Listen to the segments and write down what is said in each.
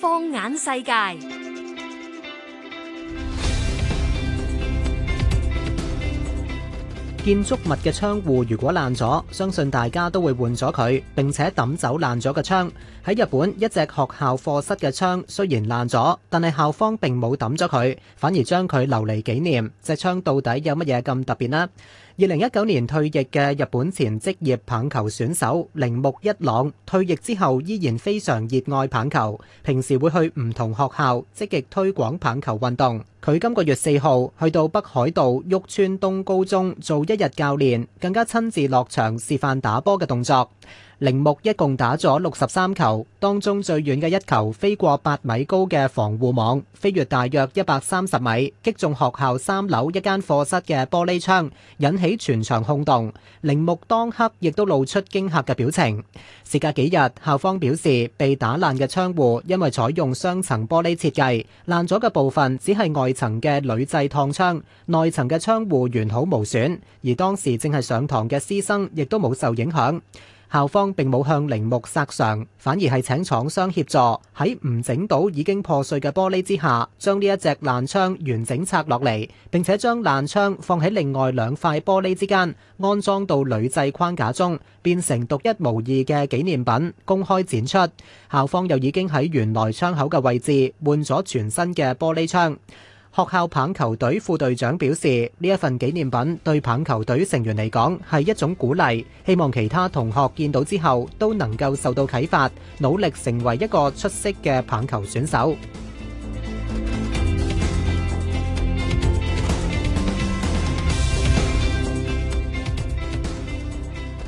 放眼世界，建築物嘅窗戶如果爛咗，相信大家都會換咗佢，並且抌走爛咗嘅窗。喺日本，一隻學校課室嘅窗雖然爛咗，但係校方並冇抌咗佢，反而將佢留嚟紀念。隻窗到底有乜嘢咁特別呢？二零一九年退役嘅日本前職業棒球選手鈴木一朗，退役之後依然非常熱愛棒球，平時會去唔同學校積極推廣棒球運動。佢今個月四號去到北海道旭川東高中做一日教練，更加親自落場示範打波嘅動作。鈴木一共打咗六十三球，當中最遠嘅一球飛過八米高嘅防護網，飛越大約一百三十米，擊中學校三樓一間課室嘅玻璃窗，引起全場轟動。鈴木當刻亦都露出驚嚇嘅表情。事隔幾日，校方表示被打爛嘅窗戶因為採用雙層玻璃設計，爛咗嘅部分只係外層嘅鋁製燙窗，內層嘅窗戶完好無損，而當時正係上堂嘅師生亦都冇受影響。校方並冇向鈴木索償，反而係請廠商協助，喺唔整到已經破碎嘅玻璃之下，將呢一隻爛窗完整拆落嚟，並且將爛窗放喺另外兩塊玻璃之間，安裝到鋁製框架中，變成獨一無二嘅紀念品，公開展出。校方又已經喺原來窗口嘅位置換咗全新嘅玻璃窗。學校棒球隊副隊長表示：呢一份紀念品對棒球隊成員嚟講係一種鼓勵，希望其他同學見到之後都能夠受到啟發，努力成為一個出色嘅棒球選手。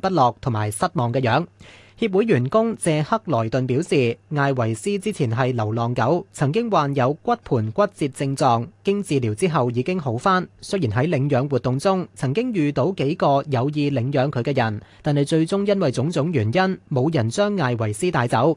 不落同埋失望嘅樣，協會員工謝克萊頓表示，艾維斯之前係流浪狗，曾經患有骨盆骨折症狀，經治療之後已經好返。雖然喺領養活動中曾經遇到幾個有意領養佢嘅人，但係最終因為種種原因，冇人將艾維斯帶走。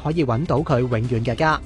可以揾到佢永遠嘅家。